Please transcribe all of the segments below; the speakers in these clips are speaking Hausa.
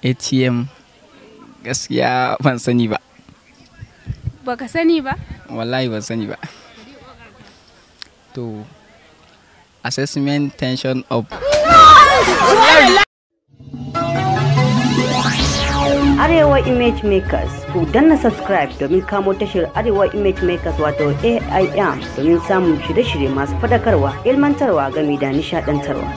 atm gaskiya ban sani ba baka sani ba wallahi ban sani ba to assessment tension of Arewa Image Makers ku danna subscribe domin kamo tashar Arewa Image Makers wato AIM domin samun shirye-shirye masu fadakarwa, ilmantarwa game da nishadantarwa.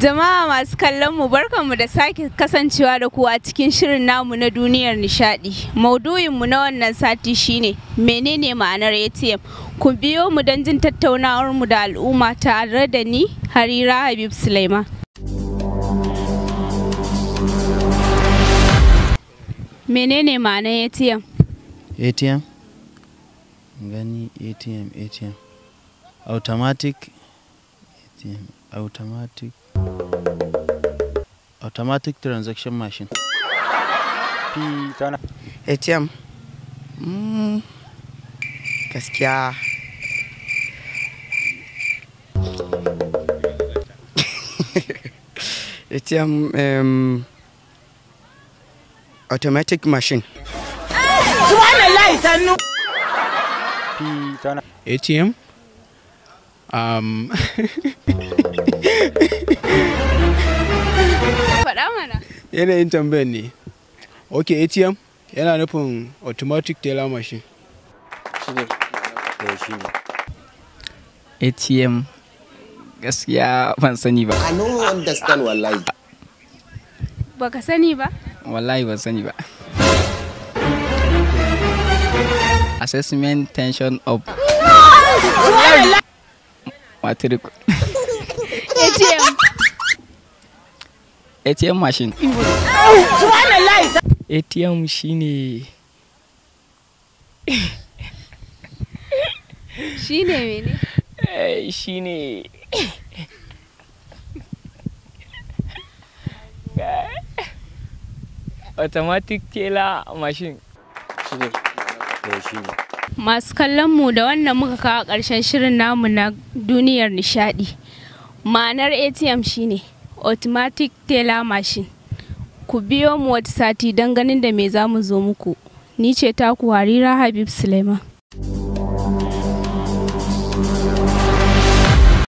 Jama'a masu kallon mu barkanmu da sake kasancewa da ku a cikin shirin namu na duniyar nishadi. mu na wannan sati shine menene ma'anar ATM? Ku biyo mu don jin tattaunawar mu da al'umma tare da ni Harira Habib Suleiman. Menene ma'anar ATM? ATM? Gani ATM ATM. Automatic ATM. Automatic Automatic Transaction Machine. P ATM. Mm. Gaskiya. ATM um, automatic machine. ATM? Um, yanayin tambayan ne ok atm yana nufin automatic teller machine eh, atm gaskiya ban sani ba i no understand wallahi baka sani ba wallahi ban sani ba assessment tension of matric atm ATM machine. ATM shine shine mene? Eh, shine automatic teller machine shine eh, shine masu kallon mu da wannan muka kawo ƙarshen shirin namu na duniyar nishadi ma'anar atm shine automatic tailor machine ku biyo mu wata sati don ganin da me za mu zo muku ni ce taku harira habib suleiman